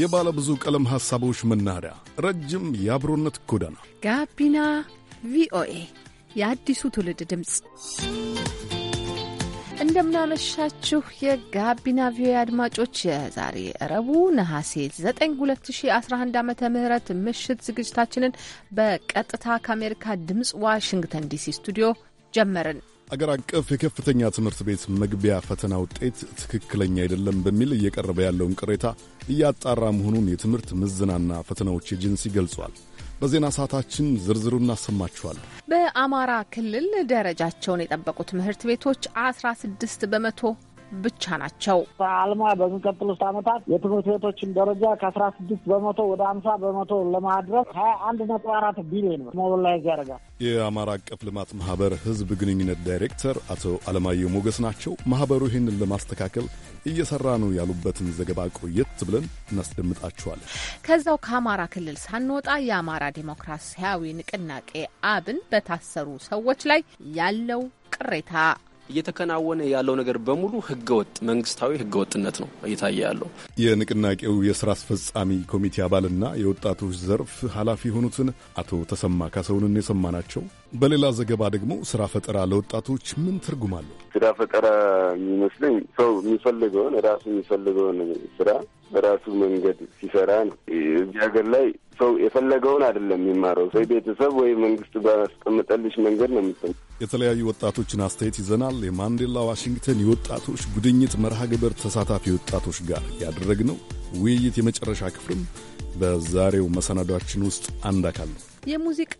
የባለ ብዙ ቀለም ሐሳቦች መናኸሪያ፣ ረጅም የአብሮነት ጎዳና፣ ጋቢና ቪኦኤ የአዲሱ ትውልድ ድምፅ። እንደምናመሻችሁ የጋቢና ቪኦኤ አድማጮች፣ የዛሬ እረቡ ነሐሴ 9 2011 ዓ ም ምሽት ዝግጅታችንን በቀጥታ ከአሜሪካ ድምፅ ዋሽንግተን ዲሲ ስቱዲዮ ጀመርን። አገር አቀፍ የከፍተኛ ትምህርት ቤት መግቢያ ፈተና ውጤት ትክክለኛ አይደለም በሚል እየቀረበ ያለውን ቅሬታ እያጣራ መሆኑን የትምህርት ምዘናና ፈተናዎች ኤጀንሲ ገልጿል። በዜና ሰዓታችን ዝርዝሩ እናሰማችኋል። በአማራ ክልል ደረጃቸውን የጠበቁ ትምህርት ቤቶች 16 በመቶ ብቻ ናቸው። በሚቀጥሉ በሚቀጥሉት ዓመታት የትምህርት ቤቶችን ደረጃ ከአስራ ስድስት በመቶ ወደ አምሳ በመቶ ለማድረስ ሀያ አንድ ነጥብ አራት ቢሊዮን ሞቢላይዝ ያደርጋል። የአማራ አቀፍ ልማት ማህበር ህዝብ ግንኙነት ዳይሬክተር አቶ አለማየሁ ሞገስ ናቸው። ማህበሩ ይህንን ለማስተካከል እየሰራ ነው ያሉበትን ዘገባ ቆየት ብለን እናስደምጣችኋለን። ከዛው ከአማራ ክልል ሳንወጣ የአማራ ዲሞክራሲያዊ ንቅናቄ አብን በታሰሩ ሰዎች ላይ ያለው ቅሬታ እየተከናወነ ያለው ነገር በሙሉ ህገወጥ መንግስታዊ ህገወጥነት ነው እየታየ ያለው። የንቅናቄው የስራ አስፈጻሚ ኮሚቴ አባልና የወጣቶች ዘርፍ ኃላፊ የሆኑትን አቶ ተሰማ ካሰውንን ናቸው። በሌላ ዘገባ ደግሞ ስራ ፈጠራ ለወጣቶች ምን ትርጉም አለው? ስራ ፈጠራ የሚመስለኝ ሰው የሚፈልገውን ራሱ የሚፈልገውን ስራ በራሱ መንገድ ሲሰራ ነው። እዚህ ሀገር ላይ ሰው የፈለገውን አይደለም የሚማረው። ሰው ቤተሰብ ወይ መንግስት ባስቀመጠልሽ መንገድ ነው የምትሰ የተለያዩ ወጣቶችን አስተያየት ይዘናል። የማንዴላ ዋሽንግተን የወጣቶች ጉድኝት መርሃ ግብር ተሳታፊ ወጣቶች ጋር ያደረግነው ውይይት የመጨረሻ ክፍልም በዛሬው መሰናዷችን ውስጥ አንድ አካል ነው። የሙዚቃ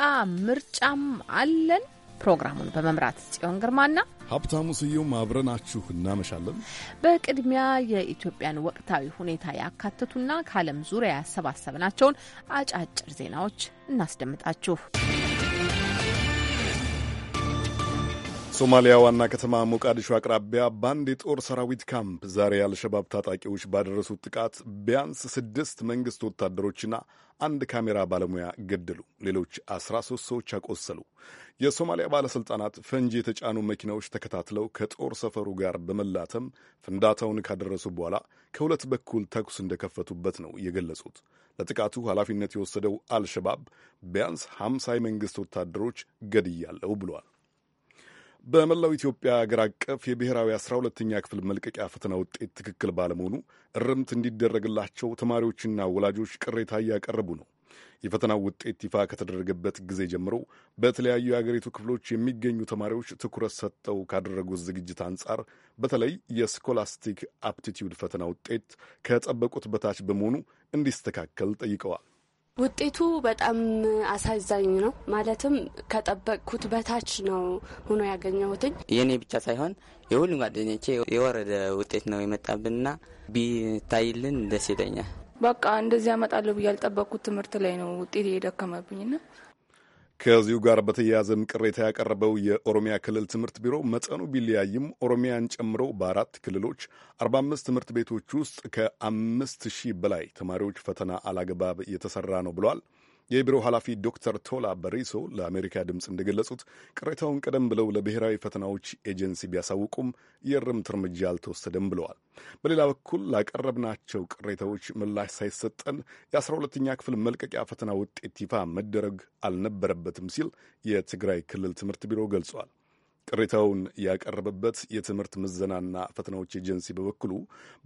ምርጫም አለን። ፕሮግራሙን በመምራት ጽዮን ግርማና ሀብታሙ ስዩም አብረናችሁ እናመሻለን። በቅድሚያ የኢትዮጵያን ወቅታዊ ሁኔታ ያካተቱና ከዓለም ዙሪያ ያሰባሰብናቸውን አጫጭር ዜናዎች እናስደምጣችሁ። ሶማሊያ ዋና ከተማ ሞቃዲሾ አቅራቢያ በአንድ የጦር ሰራዊት ካምፕ ዛሬ የአልሸባብ ታጣቂዎች ባደረሱት ጥቃት ቢያንስ ስድስት መንግሥት ወታደሮችና አንድ ካሜራ ባለሙያ ገደሉ፣ ሌሎች አስራ ሶስት ሰዎች አቆሰሉ። የሶማሊያ ባለሥልጣናት ፈንጂ የተጫኑ መኪናዎች ተከታትለው ከጦር ሰፈሩ ጋር በመላተም ፍንዳታውን ካደረሱ በኋላ ከሁለት በኩል ተኩስ እንደከፈቱበት ነው የገለጹት። ለጥቃቱ ኃላፊነት የወሰደው አልሸባብ ቢያንስ ሀምሳ የመንግሥት ወታደሮች ገድያለሁ ብሏል። በመላው ኢትዮጵያ አገር አቀፍ የብሔራዊ 12ኛ ክፍል መልቀቂያ ፈተና ውጤት ትክክል ባለመሆኑ እርምት እንዲደረግላቸው ተማሪዎችና ወላጆች ቅሬታ እያቀረቡ ነው። የፈተናው ውጤት ይፋ ከተደረገበት ጊዜ ጀምሮ በተለያዩ የአገሪቱ ክፍሎች የሚገኙ ተማሪዎች ትኩረት ሰጥተው ካደረጉት ዝግጅት አንጻር በተለይ የስኮላስቲክ አፕቲቲዩድ ፈተና ውጤት ከጠበቁት በታች በመሆኑ እንዲስተካከል ጠይቀዋል። ውጤቱ በጣም አሳዛኝ ነው። ማለትም ከጠበቅኩት በታች ነው ሆኖ ያገኘሁትኝ። የእኔ ብቻ ሳይሆን የሁሉም ጓደኞቼ የወረደ ውጤት ነው የመጣብንና ቢታይልን ደስ ይለኛል። በቃ እንደዚህ ያመጣለሁ ብዬ ያልጠበቅኩት ትምህርት ላይ ነው ውጤት የደከመብኝና ከዚሁ ጋር በተያያዘም ቅሬታ ያቀረበው የኦሮሚያ ክልል ትምህርት ቢሮ መጠኑ ቢለያይም ኦሮሚያን ጨምሮ በአራት ክልሎች 45 ትምህርት ቤቶች ውስጥ ከአምስት ሺህ በላይ ተማሪዎች ፈተና አላግባብ የተሰራ ነው ብሏል። የቢሮው ኃላፊ ዶክተር ቶላ በሪሶ ለአሜሪካ ድምፅ እንደገለጹት ቅሬታውን ቀደም ብለው ለብሔራዊ ፈተናዎች ኤጀንሲ ቢያሳውቁም የእርምት እርምጃ አልተወሰደም ብለዋል። በሌላ በኩል ላቀረብናቸው ቅሬታዎች ምላሽ ሳይሰጠን የ12ኛ ክፍል መልቀቂያ ፈተና ውጤት ይፋ መደረግ አልነበረበትም ሲል የትግራይ ክልል ትምህርት ቢሮ ገልጿል። ቅሬታውን ያቀረበበት የትምህርት ምዘናና ፈተናዎች ኤጀንሲ በበኩሉ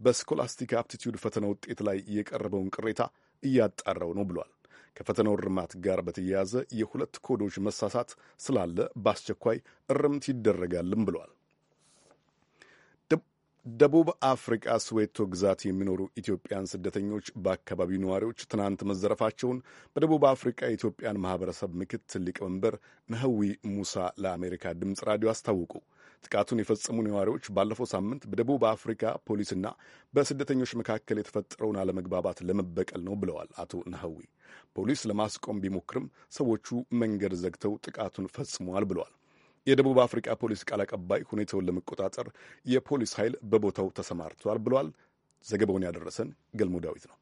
በስኮላስቲክ አፕቲቲዩድ ፈተና ውጤት ላይ የቀረበውን ቅሬታ እያጣራው ነው ብሏል። ከፈተናው እርማት ጋር በተያያዘ የሁለት ኮዶች መሳሳት ስላለ በአስቸኳይ እርምት ይደረጋልም ብሏል። ደቡብ አፍሪቃ ስዌቶ ግዛት የሚኖሩ ኢትዮጵያን ስደተኞች በአካባቢው ነዋሪዎች ትናንት መዘረፋቸውን በደቡብ አፍሪቃ የኢትዮጵያን ማህበረሰብ ምክትል ሊቀመንበር ነህዊ ሙሳ ለአሜሪካ ድምፅ ራዲዮ አስታወቁ። ጥቃቱን የፈጸሙ ነዋሪዎች ባለፈው ሳምንት በደቡብ አፍሪካ ፖሊስና በስደተኞች መካከል የተፈጠረውን አለመግባባት ለመበቀል ነው ብለዋል አቶ ነህዊ። ፖሊስ ለማስቆም ቢሞክርም ሰዎቹ መንገድ ዘግተው ጥቃቱን ፈጽመዋል ብለዋል። የደቡብ አፍሪካ ፖሊስ ቃል አቀባይ ሁኔታውን ለመቆጣጠር የፖሊስ ኃይል በቦታው ተሰማርተዋል ብለዋል። ዘገባውን ያደረሰን ገልሞ ዳዊት ነው።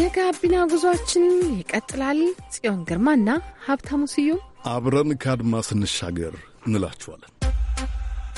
የጋቢና ጉዟችን ይቀጥላል። ጽዮን ግርማና ሀብታሙ ስዩም አብረን ከአድማ ስንሻገር እንላችኋለን።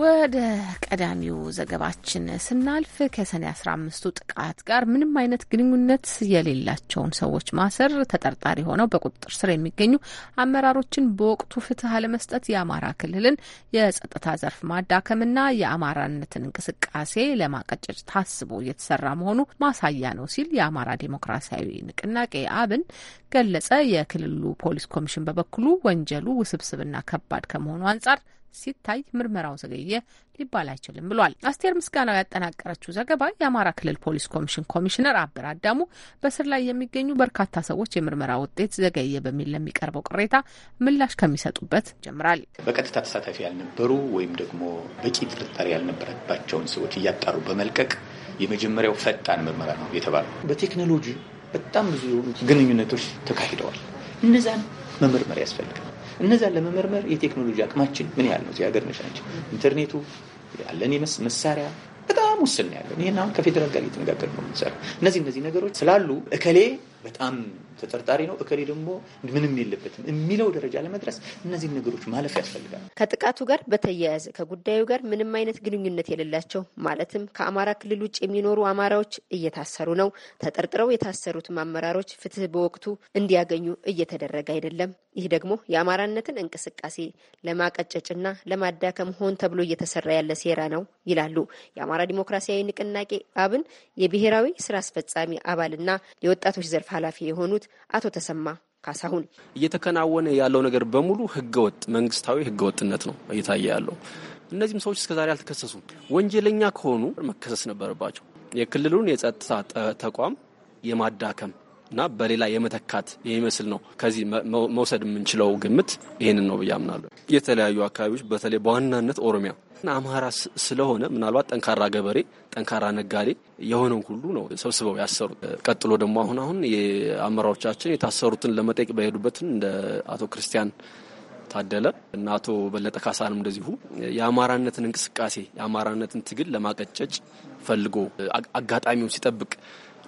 ወደ ቀዳሚው ዘገባችን ስናልፍ ከሰኔ 15ቱ ጥቃት ጋር ምንም አይነት ግንኙነት የሌላቸውን ሰዎች ማሰር፣ ተጠርጣሪ ሆነው በቁጥጥር ስር የሚገኙ አመራሮችን በወቅቱ ፍትህ አለመስጠት፣ የአማራ ክልልን የጸጥታ ዘርፍ ማዳከምና የአማራነትን እንቅስቃሴ ለማቀጨጭ ታስቦ እየተሰራ መሆኑ ማሳያ ነው ሲል የአማራ ዴሞክራሲያዊ ንቅናቄ አብን ገለጸ። የክልሉ ፖሊስ ኮሚሽን በበኩሉ ወንጀሉ ውስብስብና ከባድ ከመሆኑ አንጻር ሲታይ ምርመራው ዘገየ ሊባል አይችልም ብሏል። አስቴር ምስጋናው ያጠናቀረችው ዘገባ የአማራ ክልል ፖሊስ ኮሚሽን ኮሚሽነር አበር አዳሙ በስር ላይ የሚገኙ በርካታ ሰዎች የምርመራ ውጤት ዘገየ በሚል ለሚቀርበው ቅሬታ ምላሽ ከሚሰጡበት ጀምራል። በቀጥታ ተሳታፊ ያልነበሩ ወይም ደግሞ በቂ ጥርጣሬ ያልነበረባቸውን ሰዎች እያጣሩ በመልቀቅ የመጀመሪያው ፈጣን ምርመራ ነው የተባለው። በቴክኖሎጂ በጣም ብዙ የሆኑ ግንኙነቶች ተካሂደዋል። እነዛን መመርመር ያስፈልጋል። እነዛን ለመመርመር የቴክኖሎጂ አቅማችን ምን ያህል ነው? እዚህ ሀገር ነቻችን ኢንተርኔቱ ያለን መሳሪያ በጣም ውስን ያለን። ይህን አሁን ከፌዴራል ጋር እየተነጋገር ነው ምንሰራ። እነዚህ እነዚህ ነገሮች ስላሉ እከሌ በጣም ተጠርጣሪ ነው፣ እከሌ ደግሞ ምንም የለበትም የሚለው ደረጃ ለመድረስ እነዚህን ነገሮች ማለፍ ያስፈልጋል። ከጥቃቱ ጋር በተያያዘ ከጉዳዩ ጋር ምንም አይነት ግንኙነት የሌላቸው ማለትም ከአማራ ክልል ውጭ የሚኖሩ አማራዎች እየታሰሩ ነው። ተጠርጥረው የታሰሩትም አመራሮች ፍትህ በወቅቱ እንዲያገኙ እየተደረገ አይደለም። ይህ ደግሞ የአማራነትን እንቅስቃሴ ለማቀጨጭና ለማዳከም ሆን ተብሎ እየተሰራ ያለ ሴራ ነው ይላሉ የአማራ ዲሞክራሲያዊ ንቅናቄ አብን የብሔራዊ ስራ አስፈጻሚ አባልና የወጣቶች ዘርፍ ኃላፊ የሆኑት አቶ ተሰማ ካሳሁን እየተከናወነ ያለው ነገር በሙሉ ህገወጥ መንግስታዊ ህገወጥነት ነው እየታየ ያለው። እነዚህም ሰዎች እስከዛሬ አልተከሰሱም። ወንጀለኛ ከሆኑ መከሰስ ነበረባቸው። የክልሉን የጸጥታ ተቋም የማዳከም እና በሌላ የመተካት የሚመስል ነው። ከዚህ መውሰድ የምንችለው ግምት ይህንን ነው ብዬ አምናለሁ። የተለያዩ አካባቢዎች በተለይ በዋናነት ኦሮሚያ እና አማራ ስለሆነ ምናልባት ጠንካራ ገበሬ፣ ጠንካራ ነጋዴ የሆነው ሁሉ ነው ሰብስበው ያሰሩት። ቀጥሎ ደግሞ አሁን አሁን የአመራሮቻችን የታሰሩትን ለመጠየቅ በሄዱበትን እንደ አቶ ክርስቲያን ታደለ እና አቶ በለጠ ካሳንም እንደዚሁ የአማራነትን እንቅስቃሴ የአማራነትን ትግል ለማቀጨጭ ፈልጎ አጋጣሚውን ሲጠብቅ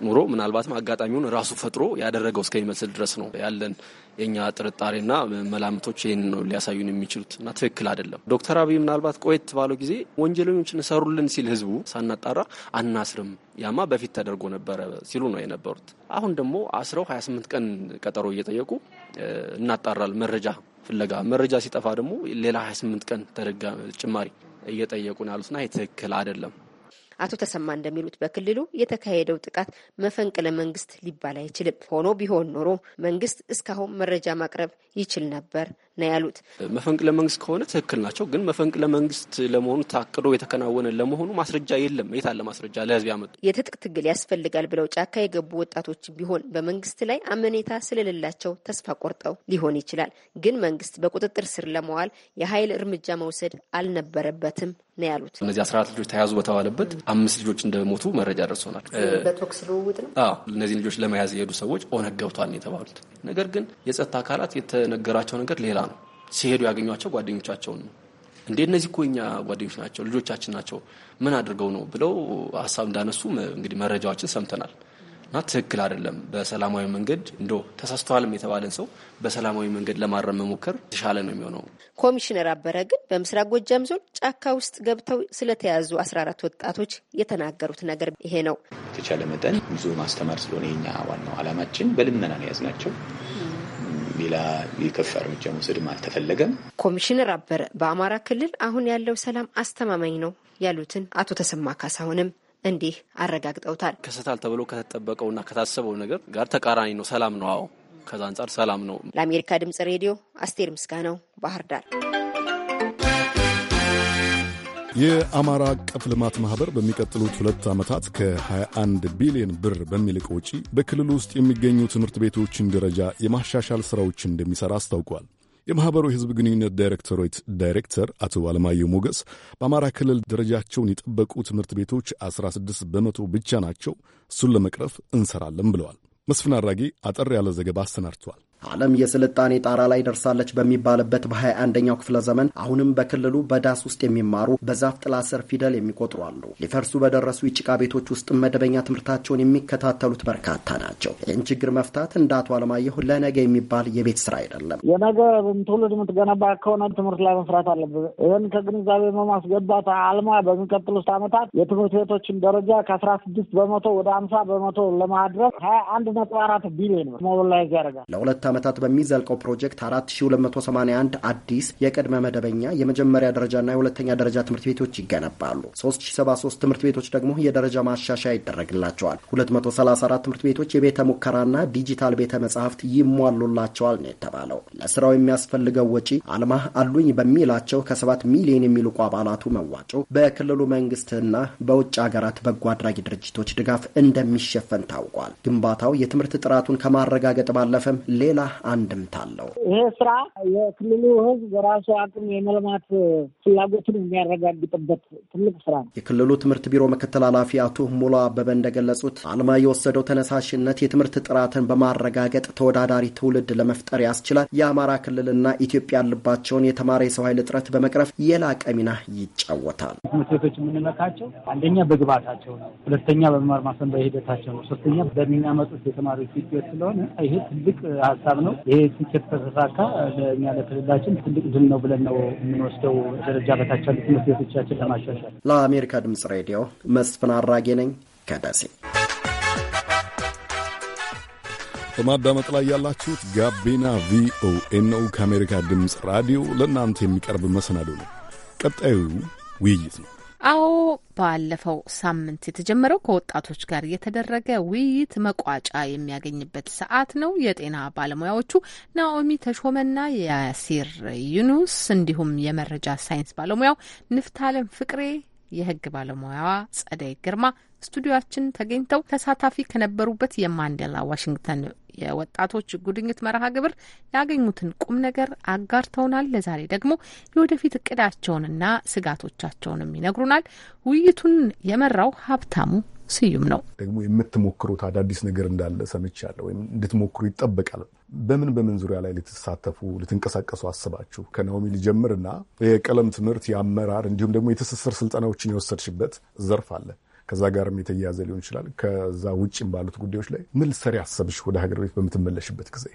ኑሮ ምናልባትም አጋጣሚውን ራሱ ፈጥሮ ያደረገው እስከሚመስል ድረስ ነው ያለን የኛ ጥርጣሬና መላምቶች ይህን ነው ሊያሳዩን የሚችሉት እና ትክክል አይደለም። ዶክተር አብይ ምናልባት ቆየት ባለው ጊዜ ወንጀለኞችን እሰሩልን ሲል ህዝቡ ሳናጣራ አናስርም ያማ በፊት ተደርጎ ነበረ ሲሉ ነው የነበሩት። አሁን ደግሞ አስረው 28 ቀን ቀጠሮ እየጠየቁ እናጣራል መረጃ ፍለጋ መረጃ ሲጠፋ ደግሞ ሌላ 28 ቀን ተደጋ ጭማሪ እየጠየቁ ነው ያሉትና ይህ ትክክል አይደለም። አቶ ተሰማ እንደሚሉት በክልሉ የተካሄደው ጥቃት መፈንቅለ መንግስት ሊባል አይችልም። ሆኖ ቢሆን ኖሮ መንግስት እስካሁን መረጃ ማቅረብ ይችል ነበር ነው ያሉት። መፈንቅለ መንግስት ከሆነ ትክክል ናቸው፣ ግን መፈንቅለ መንግስት ለመሆኑ ታቅዶ የተከናወነ ለመሆኑ ማስረጃ የለም። የት አለ ማስረጃ? ለህዝብ ያመጡ የትጥቅ ትግል ያስፈልጋል ብለው ጫካ የገቡ ወጣቶች ቢሆን በመንግስት ላይ አመኔታ ስለሌላቸው ተስፋ ቆርጠው ሊሆን ይችላል። ግን መንግስት በቁጥጥር ስር ለመዋል የኃይል እርምጃ መውሰድ አልነበረበትም ነው ያሉት። እነዚህ አስራ አራት ልጆች ተያዙ በተባለበት አምስት ልጆች እንደሞቱ መረጃ ደርሶናል። በተኩስ ልውውጥ ነው። እነዚህ ልጆች ለመያዝ የሄዱ ሰዎች ኦነግ ገብቷል የተባሉት ነገር ግን የጸጥታ አካላት የተነገራቸው ነገር ሌላ ነው። ሲሄዱ ያገኟቸው ጓደኞቻቸውን ነው። እንዴ እነዚህ እኮ ጓደኞች ናቸው፣ ልጆቻችን ናቸው፣ ምን አድርገው ነው ብለው ሀሳብ እንዳነሱ እንግዲህ መረጃዎችን ሰምተናል። እና ትክክል አይደለም። በሰላማዊ መንገድ እንዶ ተሳስተዋልም የተባለን ሰው በሰላማዊ መንገድ ለማረም መሞከር የተሻለ ነው የሚሆነው። ኮሚሽነር አበረ ግን በምስራቅ ጎጃም ዞን ጫካ ውስጥ ገብተው ስለተያዙ 14 ወጣቶች የተናገሩት ነገር ይሄ ነው። የተቻለ መጠን ብዙ ማስተማር ስለሆነ የኛ ዋናው አላማችን በልመና ነው የያዝናቸው ሌላ የከፋ እርምጃ መውሰድም አልተፈለገም። ኮሚሽነር አበረ በአማራ ክልል አሁን ያለው ሰላም አስተማማኝ ነው ያሉትን አቶ ተሰማ ካሳሁንም እንዲህ አረጋግጠውታል። ከሰታል ተብሎ ከተጠበቀውና ከታሰበው ነገር ጋር ተቃራኒ ነው። ሰላም ነው። አዎ፣ ከዛ አንጻር ሰላም ነው። ለአሜሪካ ድምጽ ሬዲዮ አስቴር ምስጋናው ባህር ዳር የአማራ አቀፍ ልማት ማኅበር በሚቀጥሉት ሁለት ዓመታት ከ21 ቢሊዮን ብር በሚልቅ ወጪ በክልሉ ውስጥ የሚገኙ ትምህርት ቤቶችን ደረጃ የማሻሻል ሥራዎች እንደሚሠራ አስታውቋል። የማኅበሩ የሕዝብ ግንኙነት ዳይሬክቶሬት ዳይሬክተር አቶ አለማየሁ ሞገስ በአማራ ክልል ደረጃቸውን የጠበቁ ትምህርት ቤቶች 16 በመቶ ብቻ ናቸው፣ እሱን ለመቅረፍ እንሠራለን ብለዋል። መስፍን አድራጌ አጠር ያለ ዘገባ አሰናድቷል። ዓለም የስልጣኔ ጣራ ላይ ደርሳለች በሚባልበት በ21ኛው ክፍለ ዘመን አሁንም በክልሉ በዳስ ውስጥ የሚማሩ በዛፍ ጥላ ስር ፊደል የሚቆጥሩ አሉ። ሊፈርሱ በደረሱ የጭቃ ቤቶች ውስጥ መደበኛ ትምህርታቸውን የሚከታተሉት በርካታ ናቸው። ይህን ችግር መፍታት እንደ አቶ አለማየሁ ለነገ የሚባል የቤት ስራ አይደለም። የነገ ትውልድ የምትገነባ ከሆነ ትምህርት ላይ መስራት አለብህ። ይህን ከግንዛቤ በማስገባት አልማ በሚቀጥሉት ዓመታት የትምህርት ቤቶችን ደረጃ ከአስራ ስድስት በመቶ ወደ አምሳ በመቶ ለማድረስ ሀያ አንድ ነጥብ አራት ቢሊዮን ሞቢላይዝ ያደርጋል ለሁለት ዓመታት በሚዘልቀው ፕሮጀክት 4281 አዲስ የቅድመ መደበኛ የመጀመሪያ ደረጃና የሁለተኛ ደረጃ ትምህርት ቤቶች ይገነባሉ። 3073 ትምህርት ቤቶች ደግሞ የደረጃ ማሻሻያ ይደረግላቸዋል። 234 ትምህርት ቤቶች የቤተ ሙከራና ዲጂታል ቤተ መጻሕፍት ይሟሉላቸዋል ነው የተባለው። ለስራው የሚያስፈልገው ወጪ አልማ አሉኝ በሚላቸው ከሰባት ሚሊዮን የሚልቁ አባላቱ መዋጮ በክልሉ መንግስትና በውጭ ሀገራት በጎ አድራጊ ድርጅቶች ድጋፍ እንደሚሸፈን ታውቋል። ግንባታው የትምህርት ጥራቱን ከማረጋገጥ ባለፈም ሌላ ዋና አንድምታ አለው። ይሄ ስራ የክልሉ ህዝብ በራሱ አቅም የመልማት ፍላጎትን የሚያረጋግጥበት ትልቅ ስራ ነው። የክልሉ ትምህርት ቢሮ ምክትል ኃላፊ አቶ ሙላ አበበ እንደገለጹት አልማ የወሰደው ተነሳሽነት የትምህርት ጥራትን በማረጋገጥ ተወዳዳሪ ትውልድ ለመፍጠር ያስችላል። የአማራ ክልልና ኢትዮጵያ ያለባቸውን የተማረ የሰው ኃይል እጥረት በመቅረፍ የላቀ ሚና ይጫወታል። ትምህርት ቤቶች የምንመካቸው አንደኛ በግብዓታቸው ነው፣ ሁለተኛ በመማር ማሰንበ ሂደታቸው ነው፣ ሶስተኛ በሚያመጡት የተማሪዎች ውጤት ስለሆነ ይሄ ትልቅ ሀሳብ ሀሳብ ነው። ይሄ ትኬት ከተሳካ ለእኛ ለክልላችን ትልቅ ድል ነው ብለን ነው የምንወስደው። ደረጃ በታች ያሉ ትምህርት ቤቶቻችን ለማሻሻል። ለአሜሪካ ድምጽ ሬዲዮ መስፍን አራጌ ነኝ ከደሴ። በማዳመጥ ላይ ያላችሁት ጋቢና ቪኦኤ ነው። ከአሜሪካ ድምፅ ራዲዮ ለእናንተ የሚቀርብ መሰናዶ ነው። ቀጣዩ ውይይት ነው። አዎ ባለፈው ሳምንት የተጀመረው ከወጣቶች ጋር የተደረገ ውይይት መቋጫ የሚያገኝበት ሰዓት ነው። የጤና ባለሙያዎቹ ናኦሚ ተሾመና ያሲር ዩኑስ እንዲሁም የመረጃ ሳይንስ ባለሙያው ንፍታለም ፍቅሬ የህግ ባለሙያዋ ጸደይ ግርማ ስቱዲዮችን ተገኝተው ተሳታፊ ከነበሩበት የማንዴላ ዋሽንግተን የወጣቶች ጉድኝት መርሃ ግብር ያገኙትን ቁም ነገር አጋርተውናል። ለዛሬ ደግሞ የወደፊት እቅዳቸውንና ስጋቶቻቸውንም ይነግሩናል። ውይይቱን የመራው ሀብታሙ ስዩም ነው። ደግሞ የምትሞክሩት አዳዲስ ነገር እንዳለ ሰምቻለሁ፣ ወይም እንድትሞክሩ ይጠበቃል በምን በምን ዙሪያ ላይ ልትሳተፉ ልትንቀሳቀሱ አስባችሁ? ከናኦሚ ልጀምር እና የቀለም ትምህርት የአመራር እንዲሁም ደግሞ የትስስር ስልጠናዎችን የወሰድሽበት ዘርፍ አለ። ከዛ ጋርም የተያያዘ ሊሆን ይችላል። ከዛ ውጭም ባሉት ጉዳዮች ላይ ምን ልትሰሪ አሰብሽ ወደ ሀገር ቤት በምትመለሽበት ጊዜ?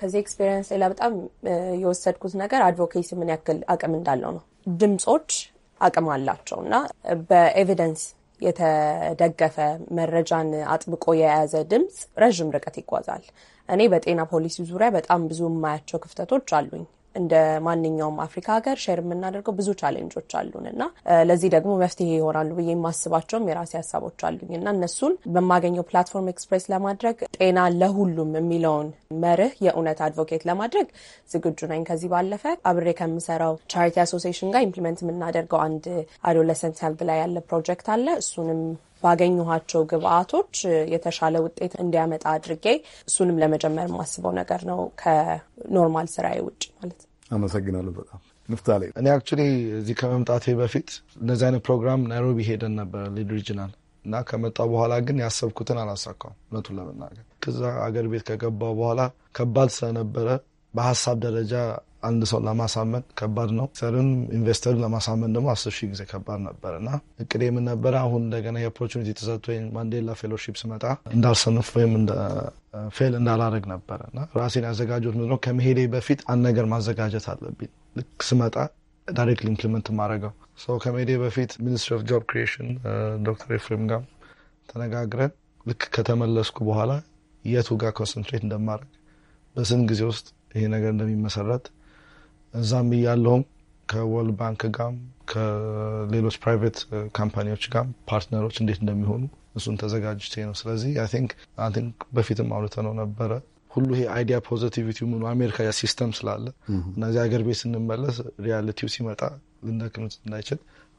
ከዚህ ኤክስፔሪንስ ሌላ በጣም የወሰድኩት ነገር አድቮኬሲ ምን ያክል አቅም እንዳለው ነው። ድምፆች አቅም አላቸው እና በኤቪደንስ የተደገፈ መረጃን አጥብቆ የያዘ ድምፅ ረዥም ርቀት ይጓዛል። እኔ በጤና ፖሊሲ ዙሪያ በጣም ብዙ የማያቸው ክፍተቶች አሉኝ። እንደ ማንኛውም አፍሪካ ሀገር ሼር የምናደርገው ብዙ ቻሌንጆች አሉን እና ለዚህ ደግሞ መፍትሄ ይሆናሉ ብዬ የማስባቸውም የራሴ ሀሳቦች አሉኝ እና እነሱን በማገኘው ፕላትፎርም ኤክስፕሬስ ለማድረግ ጤና ለሁሉም የሚለውን መርህ የእውነት አድቮኬት ለማድረግ ዝግጁ ነኝ። ከዚህ ባለፈ አብሬ ከምሰራው ቻሪቲ አሶሲሽን ጋር ኢምፕሊመንት የምናደርገው አንድ አዶለሰንት ሄልዝ ላይ ያለ ፕሮጀክት አለ። እሱንም ባገኘኋቸው ግብአቶች የተሻለ ውጤት እንዲያመጣ አድርጌ እሱንም ለመጀመር የማስበው ነገር ነው ከኖርማል ስራዬ ውጭ ማለት ነው። አመሰግናለሁ በጣም ንፍታሌ። እኔ አክቹዋሊ እዚህ ከመምጣቴ በፊት እንደዚህ አይነት ፕሮግራም ናይሮቢ ሄደን ነበር ሊድ ሪጅናል እና ከመጣ በኋላ ግን ያሰብኩትን አላሳካውም እውነቱን ለመናገር ከዛ አገር ቤት ከገባ በኋላ ከባድ ስለነበረ በሀሳብ ደረጃ አንድ ሰው ለማሳመን ከባድ ነው። ሰርን ኢንቨስተሩ ለማሳመን ደግሞ አስር ሺህ ጊዜ ከባድ ነበር እና እቅድ የምን ነበረ አሁን እንደገና የኦፖርቹኒቲ ተሰጥቶ ማንዴላ ፌሎሺፕ ስመጣ እንዳልሰንፍ ወይም ፌል እንዳላረግ ነበር እና ራሴን ያዘጋጀሁት ምንድን ነው ከመሄዴ በፊት አንድ ነገር ማዘጋጀት አለብኝ። ልክ ስመጣ ዳይሬክትሊ ኢምፕሊመንት ማድረገው ሰው ከመሄዴ በፊት ሚኒስትሪ ኦፍ ጆብ ክሪኤሽን ዶክተር ኤፍሬም ጋር ተነጋግረን ልክ ከተመለስኩ በኋላ የቱ ጋር ኮንሰንትሬት እንደማድረግ በስንት ጊዜ ውስጥ ይሄ ነገር እንደሚመሰረት እዛም እያለውም ከወርልድ ባንክ ጋም ከሌሎች ፕራይቬት ካምፓኒዎች ጋም ፓርትነሮች እንዴት እንደሚሆኑ እሱን ተዘጋጅቼ ነው። ስለዚህ አይ ቲንክ አይ ቲንክ በፊትም አውልተ ነው ነበረ ሁሉ ይሄ አይዲያ ፖዘቲቪቲ ምኑ አሜሪካ ሲስተም ስላለ እነዚህ ሀገር ቤት ስንመለስ ሪያልቲው ሲመጣ ልንደክምት እንዳይችል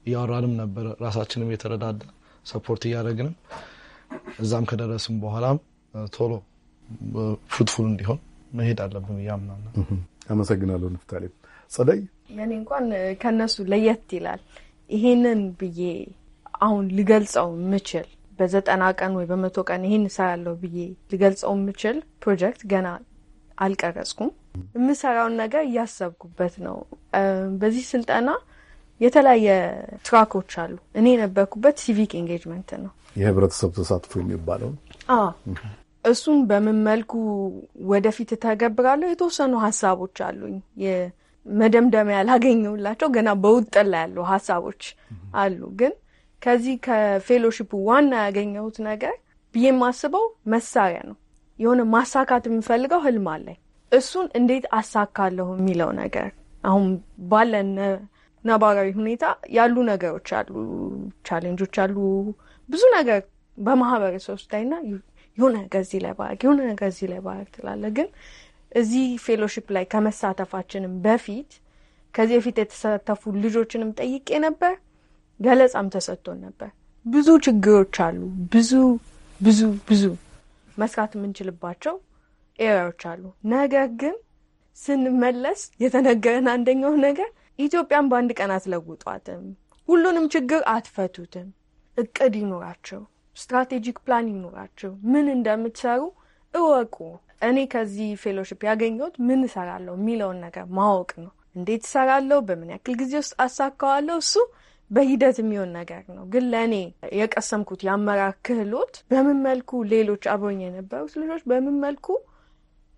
እያወራንም ነበረ። ራሳችንም የተረዳዳ ሰፖርት እያደረግንም እዛም ከደረስም በኋላም ቶሎ ፍሩትፉል እንዲሆን መሄድ አለብን ብዬ አመሰግናለሁ ንፍታሌም። ጸደይ፣ የኔ እንኳን ከነሱ ለየት ይላል። ይሄንን ብዬ አሁን ልገልጸው ምችል በዘጠና ቀን ወይ በመቶ ቀን ይሄን እሰራለሁ ብዬ ልገልጸው ምችል ፕሮጀክት ገና አልቀረጽኩም። የምሰራውን ነገር እያሰብኩበት ነው። በዚህ ስልጠና የተለያየ ትራኮች አሉ። እኔ የነበርኩበት ሲቪክ ኤንጌጅመንት ነው፣ የህብረተሰብ ተሳትፎ የሚባለው እሱን በምን መልኩ ወደፊት ተገብራለሁ የተወሰኑ ሀሳቦች አሉኝ። መደምደሚያ ያላገኘውላቸው ገና በውጥ ላይ ያሉ ሀሳቦች አሉ። ግን ከዚህ ከፌሎሺፑ ዋና ያገኘሁት ነገር ብዬ የማስበው መሳሪያ ነው። የሆነ ማሳካት የምፈልገው ህልም አለኝ። እሱን እንዴት አሳካለሁ የሚለው ነገር አሁን ባለን ነባራዊ ሁኔታ ያሉ ነገሮች አሉ፣ ቻሌንጆች አሉ፣ ብዙ ነገር በማህበረሰብ ውስጥ ላይና የሆነ ነገር እዚህ ላይ ባረግ የሆነ ነገር እዚህ ላይ ባረግ ትላለ። ግን እዚህ ፌሎሺፕ ላይ ከመሳተፋችንም በፊት ከዚህ በፊት የተሳተፉ ልጆችንም ጠይቄ ነበር። ገለጻም ተሰጥቶን ነበር። ብዙ ችግሮች አሉ። ብዙ ብዙ ብዙ መስራት የምንችልባቸው ኤሪያዎች አሉ። ነገር ግን ስንመለስ የተነገረን አንደኛው ነገር ኢትዮጵያን በአንድ ቀን አትለውጧትም፣ ሁሉንም ችግር አትፈቱትም፣ እቅድ ይኖራቸው ስትራቴጂክ ፕላን ይኖራቸው ምን እንደምትሰሩ እወቁ። እኔ ከዚህ ፌሎሽፕ ያገኘሁት ምን እሰራለሁ የሚለውን ነገር ማወቅ ነው። እንዴት እሰራለሁ፣ በምን ያክል ጊዜ ውስጥ አሳካዋለሁ፣ እሱ በሂደት የሚሆን ነገር ነው። ግን ለእኔ የቀሰምኩት የአመራር ክህሎት በምን መልኩ ሌሎች አብሮኝ የነበሩት ልጆች በምን መልኩ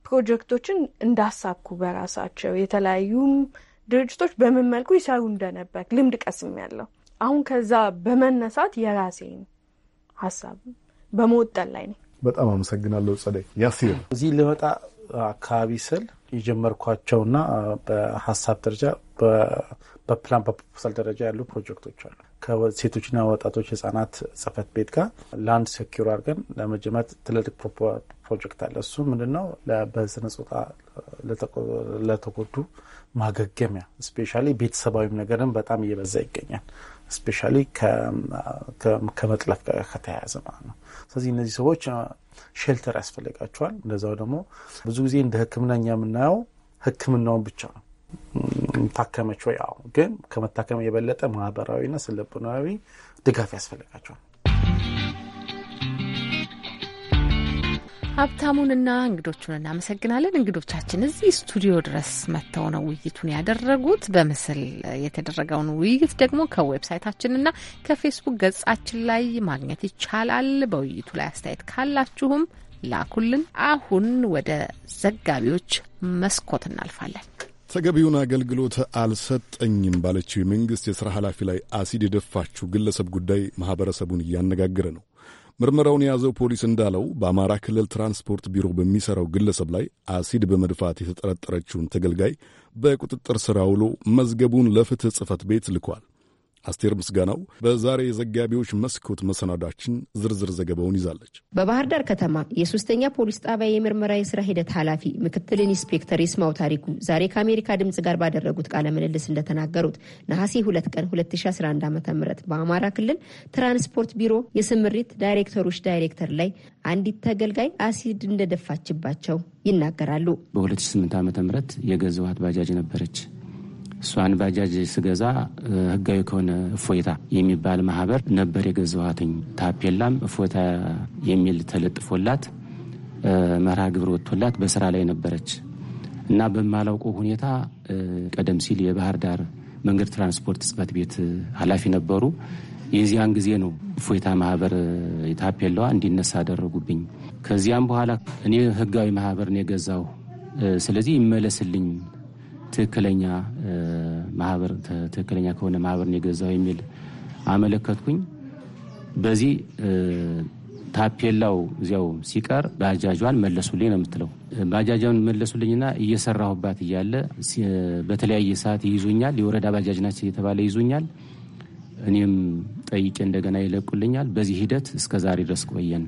ፕሮጀክቶችን እንዳሳኩ በራሳቸው የተለያዩም ድርጅቶች በምን መልኩ ይሰሩ እንደነበር ልምድ ቀስም ያለው አሁን ከዛ በመነሳት የራሴን ሀሳብ በመወጠን ላይ ነው። በጣም አመሰግናለሁ ጸደይ። ያሲር እዚህ ልመጣ አካባቢ ስል የጀመርኳቸውና በሀሳብ ደረጃ በፕላን በፕሮፖሳል ደረጃ ያሉ ፕሮጀክቶች አሉ። ከሴቶችና ወጣቶች ህጻናት ጽህፈት ቤት ጋር ላንድ ሴኪር አድርገን ለመጀመር ትልልቅ ፕሮጀክት አለ። እሱ ምንድነው በስነ ጾታ ለተጎዱ ማገገሚያ ስፔሻሊ ቤተሰባዊም ነገርም በጣም እየበዛ ይገኛል። ስፔሻሊ ከመጥለፍ ጋር ከተያያዘ ማለት ነው። ስለዚህ እነዚህ ሰዎች ሼልተር ያስፈልጋቸዋል። እንደዛው ደግሞ ብዙ ጊዜ እንደ ህክምና እኛ የምናየው ህክምናውን ብቻ ነው ታከመች ወይ? አዎ። ግን ከመታከም የበለጠ ማህበራዊና ስነልቦናዊ ድጋፍ ያስፈልጋቸዋል። ሀብታሙንና እንግዶቹን እናመሰግናለን። እንግዶቻችን እዚህ ስቱዲዮ ድረስ መጥተው ነው ውይይቱን ያደረጉት። በምስል የተደረገውን ውይይት ደግሞ ከዌብሳይታችንና ከፌስቡክ ገጻችን ላይ ማግኘት ይቻላል። በውይይቱ ላይ አስተያየት ካላችሁም ላኩልን። አሁን ወደ ዘጋቢዎች መስኮት እናልፋለን። ተገቢውን አገልግሎት አልሰጠኝም ባለችው የመንግሥት የሥራ ኃላፊ ላይ አሲድ የደፋችው ግለሰብ ጉዳይ ማኅበረሰቡን እያነጋገረ ነው። ምርመራውን የያዘው ፖሊስ እንዳለው በአማራ ክልል ትራንስፖርት ቢሮ በሚሠራው ግለሰብ ላይ አሲድ በመድፋት የተጠረጠረችውን ተገልጋይ በቁጥጥር ሥር አውሎ መዝገቡን ለፍትሕ ጽሕፈት ቤት ልኳል። አስቴር ምስጋናው በዛሬ የዘጋቢዎች መስኮት መሰናዳችን ዝርዝር ዘገባውን ይዛለች። በባህር ዳር ከተማ የሶስተኛ ፖሊስ ጣቢያ የምርመራ የስራ ሂደት ኃላፊ ምክትል ኢንስፔክተር ይስማው ታሪኩ ዛሬ ከአሜሪካ ድምፅ ጋር ባደረጉት ቃለ ምልልስ እንደተናገሩት ነሐሴ ሁለት ቀን 2011 ዓ ም በአማራ ክልል ትራንስፖርት ቢሮ የስምሪት ዳይሬክተሮች ዳይሬክተር ላይ አንዲት ተገልጋይ አሲድ እንደደፋችባቸው ይናገራሉ። በ2008 ዓ ም የገዛኋት ባጃጅ ነበረች እሷን ባጃጅ ስገዛ ህጋዊ ከሆነ እፎይታ የሚባል ማህበር ነበር የገዛኋትኝ። ታፔላም እፎይታ የሚል ተለጥፎላት መርሃ ግብር ወጥቶላት በስራ ላይ ነበረች እና በማላውቀው ሁኔታ ቀደም ሲል የባህር ዳር መንገድ ትራንስፖርት ጽፈት ቤት ኃላፊ ነበሩ። የዚያን ጊዜ ነው እፎይታ ማህበር ታፔላዋ እንዲነሳ አደረጉብኝ። ከዚያም በኋላ እኔ ህጋዊ ማህበር ነው የገዛው፣ ስለዚህ ይመለስልኝ ትክክለኛ ማህበር ትክክለኛ ከሆነ ማህበር ነው የገዛው የሚል አመለከትኩኝ። በዚህ ታፔላው እዚያው ሲቀር ባጃጇን መለሱልኝ ነው የምትለው። ባጃጇን መለሱልኝና እየሰራሁባት እያለ በተለያየ ሰዓት ይይዙኛል። የወረዳ ባጃጅ ናቸው እየተባለ ይዙኛል። እኔም ጠይቄ እንደገና ይለቁልኛል። በዚህ ሂደት እስከ ዛሬ ድረስ ቆየን።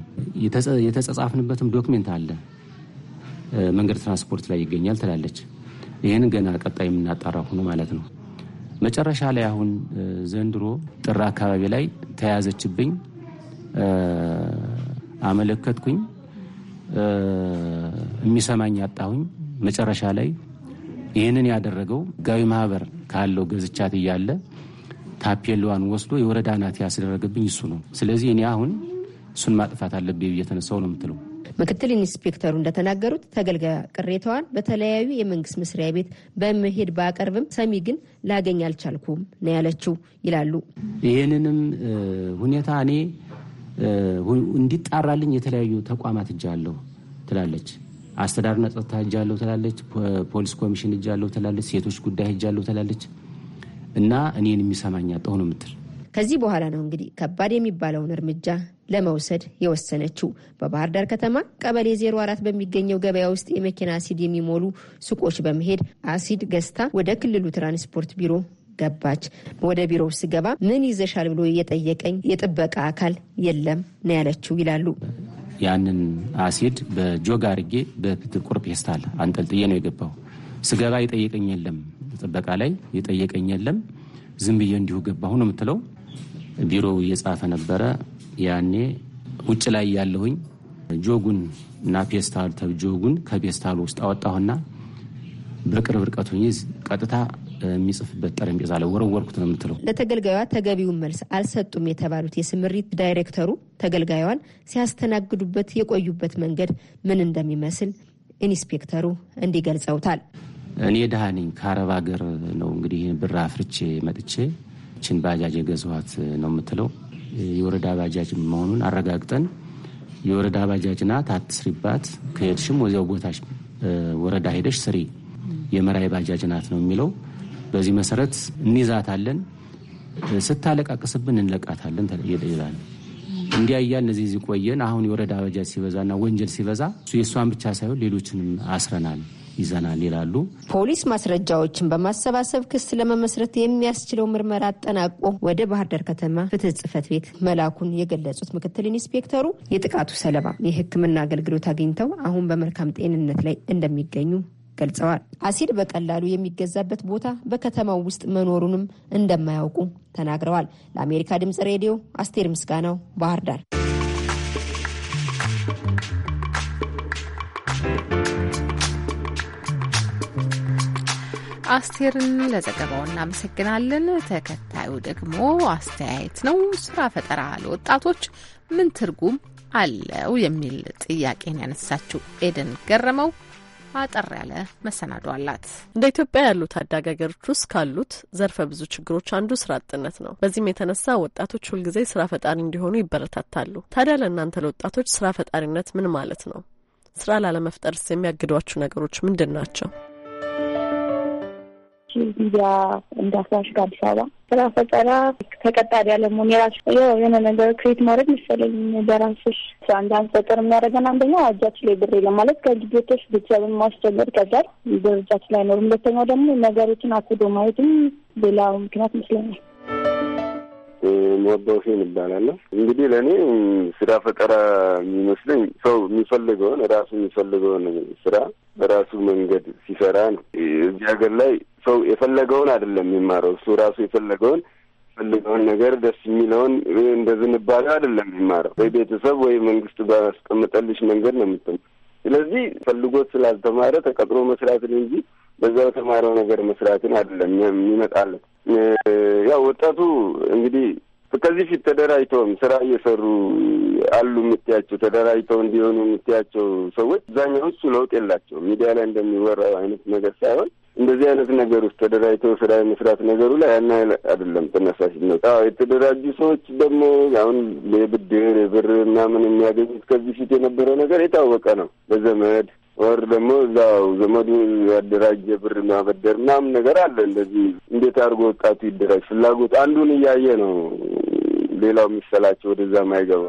የተጻጻፍንበትም ዶክሜንት አለ። መንገድ ትራንስፖርት ላይ ይገኛል ትላለች። ይህን ገና ቀጣይ የምናጣራ ሆኖ ማለት ነው። መጨረሻ ላይ አሁን ዘንድሮ ጥር አካባቢ ላይ ተያዘችብኝ፣ አመለከትኩኝ፣ የሚሰማኝ አጣሁኝ። መጨረሻ ላይ ይህንን ያደረገው ጋዊ ማህበር ካለው ገዝቻት እያለ ታፔላዋን ወስዶ የወረዳ ናት ያስደረገብኝ እሱ ነው። ስለዚህ እኔ አሁን እሱን ማጥፋት አለብኝ ብዬ ተነሳው ነው የምትለው ምክትል ኢንስፔክተሩ እንደተናገሩት ተገልጋይ ቅሬታዋን በተለያዩ የመንግስት መስሪያ ቤት በመሄድ ባቀርብም ሰሚ ግን ላገኝ አልቻልኩም ነው ያለችው ይላሉ። ይህንንም ሁኔታ እኔ እንዲጣራልኝ የተለያዩ ተቋማት እጃለሁ ትላለች። አስተዳደርና ጸጥታ እጃለሁ ትላለች። ፖሊስ ኮሚሽን እጃለሁ ትላለች። ሴቶች ጉዳይ እጃለሁ ትላለች እና እኔን የሚሰማኝ አጣሁ ነው የምትል ከዚህ በኋላ ነው እንግዲህ ከባድ የሚባለውን እርምጃ ለመውሰድ የወሰነችው በባህር ዳር ከተማ ቀበሌ 04 በሚገኘው ገበያ ውስጥ የመኪና አሲድ የሚሞሉ ሱቆች በመሄድ አሲድ ገዝታ ወደ ክልሉ ትራንስፖርት ቢሮ ገባች። ወደ ቢሮው ስገባ ምን ይዘሻል ብሎ የጠየቀኝ የጥበቃ አካል የለም ነው ያለችው ይላሉ። ያንን አሲድ በጆግ አርጌ በጥቁር ፔስታል አንጠልጥዬ ነው የገባው። ስገባ የጠየቀኝ የለም፣ ጥበቃ ላይ የጠየቀኝ የለም። ዝም ብዬ እንዲሁ ገባሁ ነው የምትለው። ቢሮው እየጻፈ ነበረ ያኔ ውጭ ላይ ያለሁኝ ጆጉን እና ፔስታል ጆጉን ከፔስታሉ ውስጥ አወጣሁና በቅርብ ርቀቱ ይዝ ቀጥታ የሚጽፍበት ጠረጴዛ ላይ ወረወርኩት ነው የምትለው። ለተገልጋዩዋ ተገቢውን መልስ አልሰጡም የተባሉት የስምሪት ዳይሬክተሩ ተገልጋዩዋን ሲያስተናግዱበት የቆዩበት መንገድ ምን እንደሚመስል ኢንስፔክተሩ እንዲህ ገልጸውታል። እኔ ድሃ ነኝ። ከአረብ ሀገር ነው እንግዲህ ብር አፍርቼ መጥቼ ችን ባጃጅ የገዛኋት ነው የምትለው የወረዳ ባጃጅ መሆኑን አረጋግጠን የወረዳ ባጃጅ ናት አትስሪባት፣ ከሄድሽም ወዚያው ቦታሽ ወረዳ ሄደሽ ስሪ፣ የመራይ ባጃጅ ናት ነው የሚለው። በዚህ መሰረት እንይዛታለን፣ ስታለቃቅስብን እንለቃታለን ይላል። እንዲያ እያልን እነዚህ እዚህ ቆየን። አሁን የወረዳ ባጃጅ ሲበዛና ወንጀል ሲበዛ የእሷን ብቻ ሳይሆን ሌሎችንም አስረናል። ይዘናል ይላሉ። ፖሊስ ማስረጃዎችን በማሰባሰብ ክስ ለመመስረት የሚያስችለው ምርመራ አጠናቆ ወደ ባህር ዳር ከተማ ፍትህ ጽህፈት ቤት መላኩን የገለጹት ምክትል ኢንስፔክተሩ የጥቃቱ ሰለባ የሕክምና አገልግሎት አግኝተው አሁን በመልካም ጤንነት ላይ እንደሚገኙ ገልጸዋል። አሲድ በቀላሉ የሚገዛበት ቦታ በከተማው ውስጥ መኖሩንም እንደማያውቁ ተናግረዋል። ለአሜሪካ ድምጽ ሬዲዮ አስቴር ምስጋናው ባህር ዳር አስቴርን ለዘገባው እናመሰግናለን። ተከታዩ ደግሞ አስተያየት ነው። ስራ ፈጠራ ለወጣቶች ምን ትርጉም አለው የሚል ጥያቄን ያነሳችው ኤደን ገረመው አጠር ያለ መሰናዶ አላት። እንደ ኢትዮጵያ ያሉ ታዳጊ ሀገሮች ውስጥ ካሉት ዘርፈ ብዙ ችግሮች አንዱ ስራ አጥነት ነው። በዚህም የተነሳ ወጣቶች ሁልጊዜ ስራ ፈጣሪ እንዲሆኑ ይበረታታሉ። ታዲያ ለእናንተ ለወጣቶች ስራ ፈጣሪነት ምን ማለት ነው? ስራ ላለመፍጠርስ የሚያግዷችሁ ነገሮች ምንድን ናቸው? ሰዎች ቪዛ እንዳስላሽ ከአዲስ አበባ ስራ ፈጠራ ተቀጣሪ ያለመሆን የራሱ የሆነ ነገር ክሬት ማድረግ መሰለኝ በራስሽ ስራ ፈጠር የሚያደርገን አንደኛ እጃችን ላይ ብር የለም ማለት ከልጆቶች ቤተሰብን ማስቸገር ከዛል ብር እጃችን ላይ አይኖርም። ሁለተኛው ደግሞ ነገሮችን አክዶ ማየትም ሌላ ምክንያት ይመስለኛል። ወደው ሴን ይባላለሁ። እንግዲህ ለእኔ ስራ ፈጠራ የሚመስለኝ ሰው የሚፈልገውን ራሱ የሚፈልገውን ስራ በራሱ መንገድ ሲሰራ ነው። እዚህ ሀገር ላይ ሰው የፈለገውን አይደለም የሚማረው። እሱ ራሱ የፈለገውን ፈልገውን ነገር ደስ የሚለውን እንደ ዝንባሌ አይደለም የሚማረው። ወይ ቤተሰብ ወይ መንግስት ባስቀምጠልሽ መንገድ ነው የምትም ስለዚህ ፈልጎት ስላልተማረ ተቀጥሮ መስራትን እንጂ በዛ በተማረው ነገር መስራትን አይደለም የሚመጣለት። ያው ወጣቱ እንግዲህ ከዚህ ፊት ተደራጅተውም ስራ እየሰሩ አሉ የምትያቸው ተደራጅተው እንዲሆኑ የምትያቸው ሰዎች እሱ ለውጥ የላቸውም። ሚዲያ ላይ እንደሚወራው አይነት ነገር ሳይሆን እንደዚህ አይነት ነገር ውስጥ ተደራጅተው ስራ የመስራት ነገሩ ላይ ያን ያህል አይደለም ተነሳሽነት። አዎ የተደራጁ ሰዎች ደግሞ አሁን የብድር የብር ምናምን የሚያገኙት ከዚህ ፊት የነበረው ነገር የታወቀ ነው። በዘመድ ወር ደግሞ እዛው ዘመዱ ያደራጀ ብር ማበደር ምናምን ነገር አለ። እንደዚህ እንዴት አድርጎ ወጣቱ ይደራጅ? ፍላጎት አንዱን እያየ ነው ሌላው የሚሰላቸው ወደዛ ማይገባ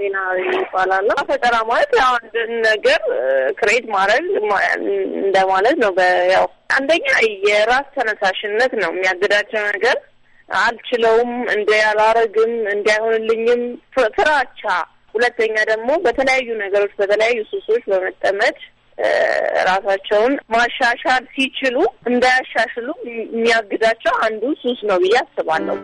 ዜና ይባላል። ፈጠራ ማለት ያው አንድን ነገር ክሬት ማድረግ እንደማለት ነው። ያው አንደኛ የራስ ተነሳሽነት ነው የሚያግዳቸው ነገር አልችለውም፣ እንደ ያላረግም፣ እንዳይሆንልኝም ፍራቻ ሁለተኛ ደግሞ በተለያዩ ነገሮች በተለያዩ ሱሶች በመጠመድ ራሳቸውን ማሻሻል ሲችሉ እንዳያሻሽሉ የሚያግዛቸው አንዱ ሱስ ነው ብዬ አስባለሁ።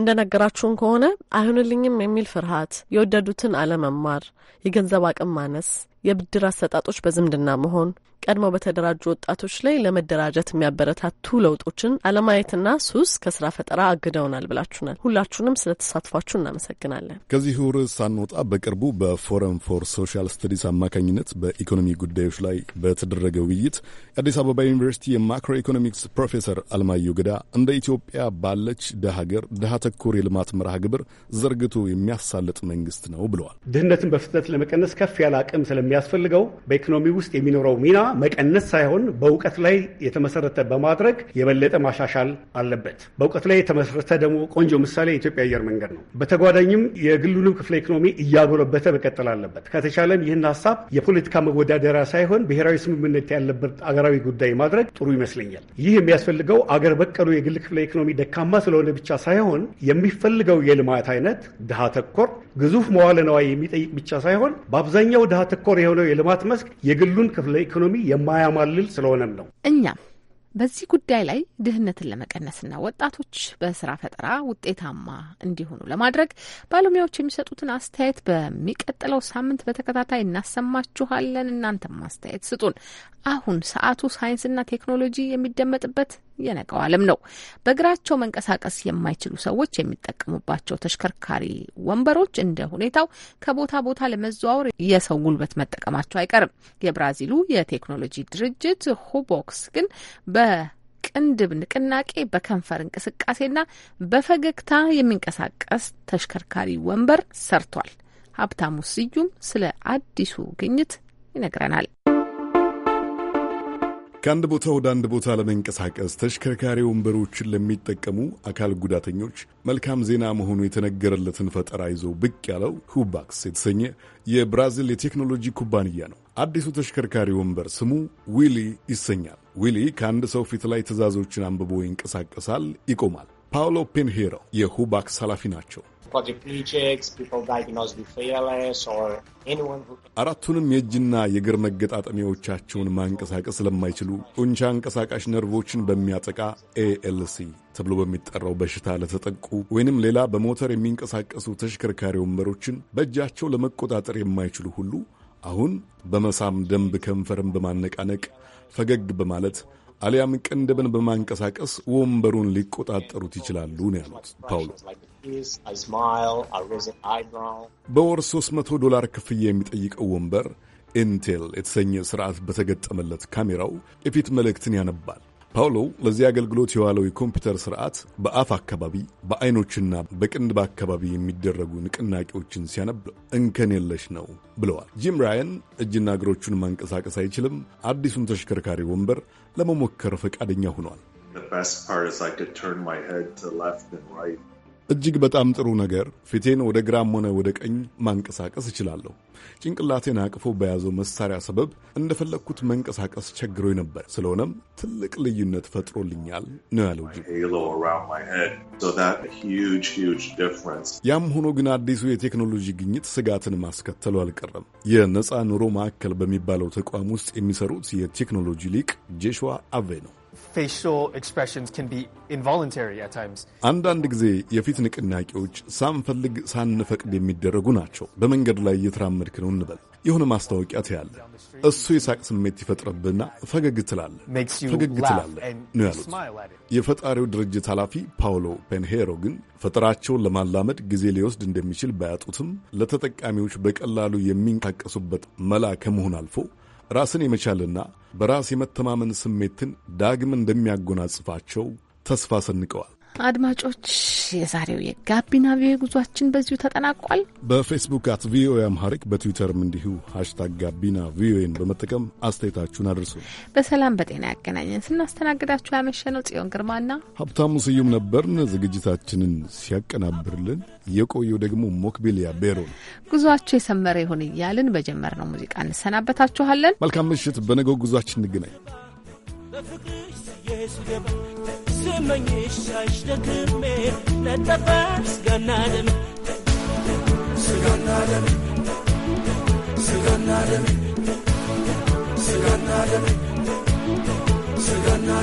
እንደነገራችሁን ከሆነ አይሆንልኝም የሚል ፍርሃት፣ የወደዱትን አለመማር፣ የገንዘብ አቅም ማነስ፣ የብድር አሰጣጦች በዝምድና መሆን፣ ቀድሞ በተደራጁ ወጣቶች ላይ ለመደራጀት የሚያበረታቱ ለውጦችን አለማየትና ሱስ ከስራ ፈጠራ አግደውናል ብላችሁናል። ሁላችሁንም ስለተሳትፏችሁ እናመሰግናለን። ከዚህ ርዕስ ሳንወጣ በቅርቡ በፎረም ፎር ሶሻል ስተዲስ አማካኝነት በኢኮኖሚ ጉዳዮች ላይ በተደረገ ውይይት የአዲስ አበባ ዩኒቨርሲቲ የማክሮ ኢኮኖሚክስ ፕሮፌሰር አልማየሁ ገዳ እንደ ኢትዮጵያ ባለች ድሃ ሀገር ተኮር የልማት መርሃ ግብር ዘርግቶ የሚያሳልጥ መንግስት ነው ብለዋል። ድህነትን በፍጥነት ለመቀነስ ከፍ ያለ አቅም ስለ የሚያስፈልገው በኢኮኖሚ ውስጥ የሚኖረው ሚና መቀነስ ሳይሆን በእውቀት ላይ የተመሰረተ በማድረግ የበለጠ ማሻሻል አለበት። በእውቀት ላይ የተመሰረተ ደግሞ ቆንጆ ምሳሌ የኢትዮጵያ አየር መንገድ ነው። በተጓዳኝም የግሉንም ክፍለ ኢኮኖሚ እያጎለበተ መቀጠል አለበት። ከተቻለም ይህን ሀሳብ የፖለቲካ መወዳደሪያ ሳይሆን ብሔራዊ ስምምነት ያለበት አገራዊ ጉዳይ ማድረግ ጥሩ ይመስለኛል። ይህ የሚያስፈልገው አገር በቀሉ የግል ክፍለ ኢኮኖሚ ደካማ ስለሆነ ብቻ ሳይሆን የሚፈልገው የልማት አይነት ድሃ ተኮር ግዙፍ መዋለ ነዋይ የሚጠይቅ ብቻ ሳይሆን በአብዛኛው ድሃ ተኮር አሁን የሆነው የልማት መስክ የግሉን ክፍለ ኢኮኖሚ የማያማልል ስለሆነም ነው። እኛም በዚህ ጉዳይ ላይ ድህነትን ለመቀነስና ወጣቶች በስራ ፈጠራ ውጤታማ እንዲሆኑ ለማድረግ ባለሙያዎች የሚሰጡትን አስተያየት በሚቀጥለው ሳምንት በተከታታይ እናሰማችኋለን። እናንተም አስተያየት ስጡን። አሁን ሰዓቱ ሳይንስና ቴክኖሎጂ የሚደመጥበት የነገው ዓለም ነው። በእግራቸው መንቀሳቀስ የማይችሉ ሰዎች የሚጠቀሙባቸው ተሽከርካሪ ወንበሮች እንደ ሁኔታው ከቦታ ቦታ ለመዘዋወር የሰው ጉልበት መጠቀማቸው አይቀርም። የብራዚሉ የቴክኖሎጂ ድርጅት ሁቦክስ ግን በ ቅንድብ ንቅናቄ በከንፈር እንቅስቃሴና በፈገግታ የሚንቀሳቀስ ተሽከርካሪ ወንበር ሰርቷል። ሀብታሙ ስዩም ስለ አዲሱ ግኝት ይነግረናል። ከአንድ ቦታ ወደ አንድ ቦታ ለመንቀሳቀስ ተሽከርካሪ ወንበሮችን ለሚጠቀሙ አካል ጉዳተኞች መልካም ዜና መሆኑ የተነገረለትን ፈጠራ ይዞ ብቅ ያለው ሁባክስ የተሰኘ የብራዚል የቴክኖሎጂ ኩባንያ ነው። አዲሱ ተሽከርካሪ ወንበር ስሙ ዊሊ ይሰኛል። ዊሊ ከአንድ ሰው ፊት ላይ ትዕዛዞችን አንብቦ ይንቀሳቀሳል፣ ይቆማል። ፓውሎ ፔንሄሮ የሁባክስ ኃላፊ ናቸው። አራቱንም የእጅና የእግር መገጣጠሚያዎቻቸውን ማንቀሳቀስ ለማይችሉ ጡንቻ አንቀሳቃሽ ነርቮችን በሚያጠቃ ኤኤልሲ ተብሎ በሚጠራው በሽታ ለተጠቁ ወይንም ሌላ በሞተር የሚንቀሳቀሱ ተሽከርካሪ ወንበሮችን በእጃቸው ለመቆጣጠር የማይችሉ ሁሉ አሁን በመሳም ደንብ ከንፈርን በማነቃነቅ ፈገግ በማለት አሊያም ቅንድብን በማንቀሳቀስ ወንበሩን ሊቆጣጠሩት ይችላሉ ነው ያሉት ፓውሎ። በወር 300 ዶላር ክፍያ የሚጠይቀው ወንበር ኢንቴል የተሰኘ ስርዓት በተገጠመለት ካሜራው የፊት መልእክትን ያነባል። ፓውሎ ለዚህ አገልግሎት የዋለው የኮምፒውተር ስርዓት በአፍ አካባቢ በአይኖችና በቅንድብ አካባቢ የሚደረጉ ንቅናቄዎችን ሲያነብ እንከን የለሽ ነው ብለዋል። ጂም ራያን እጅና እግሮቹን ማንቀሳቀስ አይችልም። አዲሱን ተሽከርካሪ ወንበር ለመሞከር ፈቃደኛ ሆኗል። እጅግ በጣም ጥሩ ነገር ፊቴን ወደ ግራም ሆነ ወደ ቀኝ ማንቀሳቀስ እችላለሁ። ጭንቅላቴን አቅፎ በያዘው መሳሪያ ሰበብ እንደፈለግኩት መንቀሳቀስ ቸግሮኝ ነበር። ስለሆነም ትልቅ ልዩነት ፈጥሮልኛል ነው ያለው። ያም ሆኖ ግን አዲሱ የቴክኖሎጂ ግኝት ስጋትን ማስከተሉ አልቀረም። የነፃ ኑሮ ማዕከል በሚባለው ተቋም ውስጥ የሚሰሩት የቴክኖሎጂ ሊቅ ጄሽዋ አቬ ነው። አንዳንድ ጊዜ የፊት ንቅናቄዎች ሳንፈልግ ሳንፈቅድ የሚደረጉ ናቸው። በመንገድ ላይ እየተራመድክ ነው እንበል፣ የሆነ ማስታወቂያ ትያለ። እሱ የሳቅ ስሜት ይፈጥርብና ፈገግ ትላለ፣ ፈገግ ትላለ ነው ያሉት። የፈጣሪው ድርጅት ኃላፊ ፓውሎ ፔንሄሮ ግን ፈጠራቸውን ለማላመድ ጊዜ ሊወስድ እንደሚችል ባያጡትም ለተጠቃሚዎች በቀላሉ የሚንቀሳቀሱበት መላ ከመሆን አልፎ ራስን የመቻልና በራስ የመተማመን ስሜትን ዳግም እንደሚያጎናጽፋቸው ተስፋ ሰንቀዋል። አድማጮች የዛሬው የጋቢና ቪኦኤ ጉዟችን በዚሁ ተጠናቋል። በፌስቡክ አት ቪኦኤ አምሃሪክ በትዊተርም እንዲሁ ሀሽታግ ጋቢና ቪኦኤን በመጠቀም አስተያየታችሁን አድርሱ። በሰላም በጤና ያገናኘን። ስናስተናግዳችሁ ያመሸነው ጽዮን ግርማና ሀብታሙ ስዩም ነበርን። ዝግጅታችንን ሲያቀናብርልን የቆየው ደግሞ ሞክቢሊያ ቤሮ። ጉዟችሁ የሰመረ ይሁን እያልን በጀመርነው ሙዚቃ እንሰናበታችኋለን። መልካም ምሽት። በነገው ጉዟችን እንገናኝ። በፍቅርሽ ስገባ ስመኝሽ ሳይሽ ደክሜ ነጠፈ ስጋና ደሜ ስጋና ደሜ ስጋና ደሜ ስጋና ደሜ ስጋና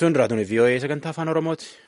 Tun irraa tuni vii'oo'ee sagantaa afaan Oromooti.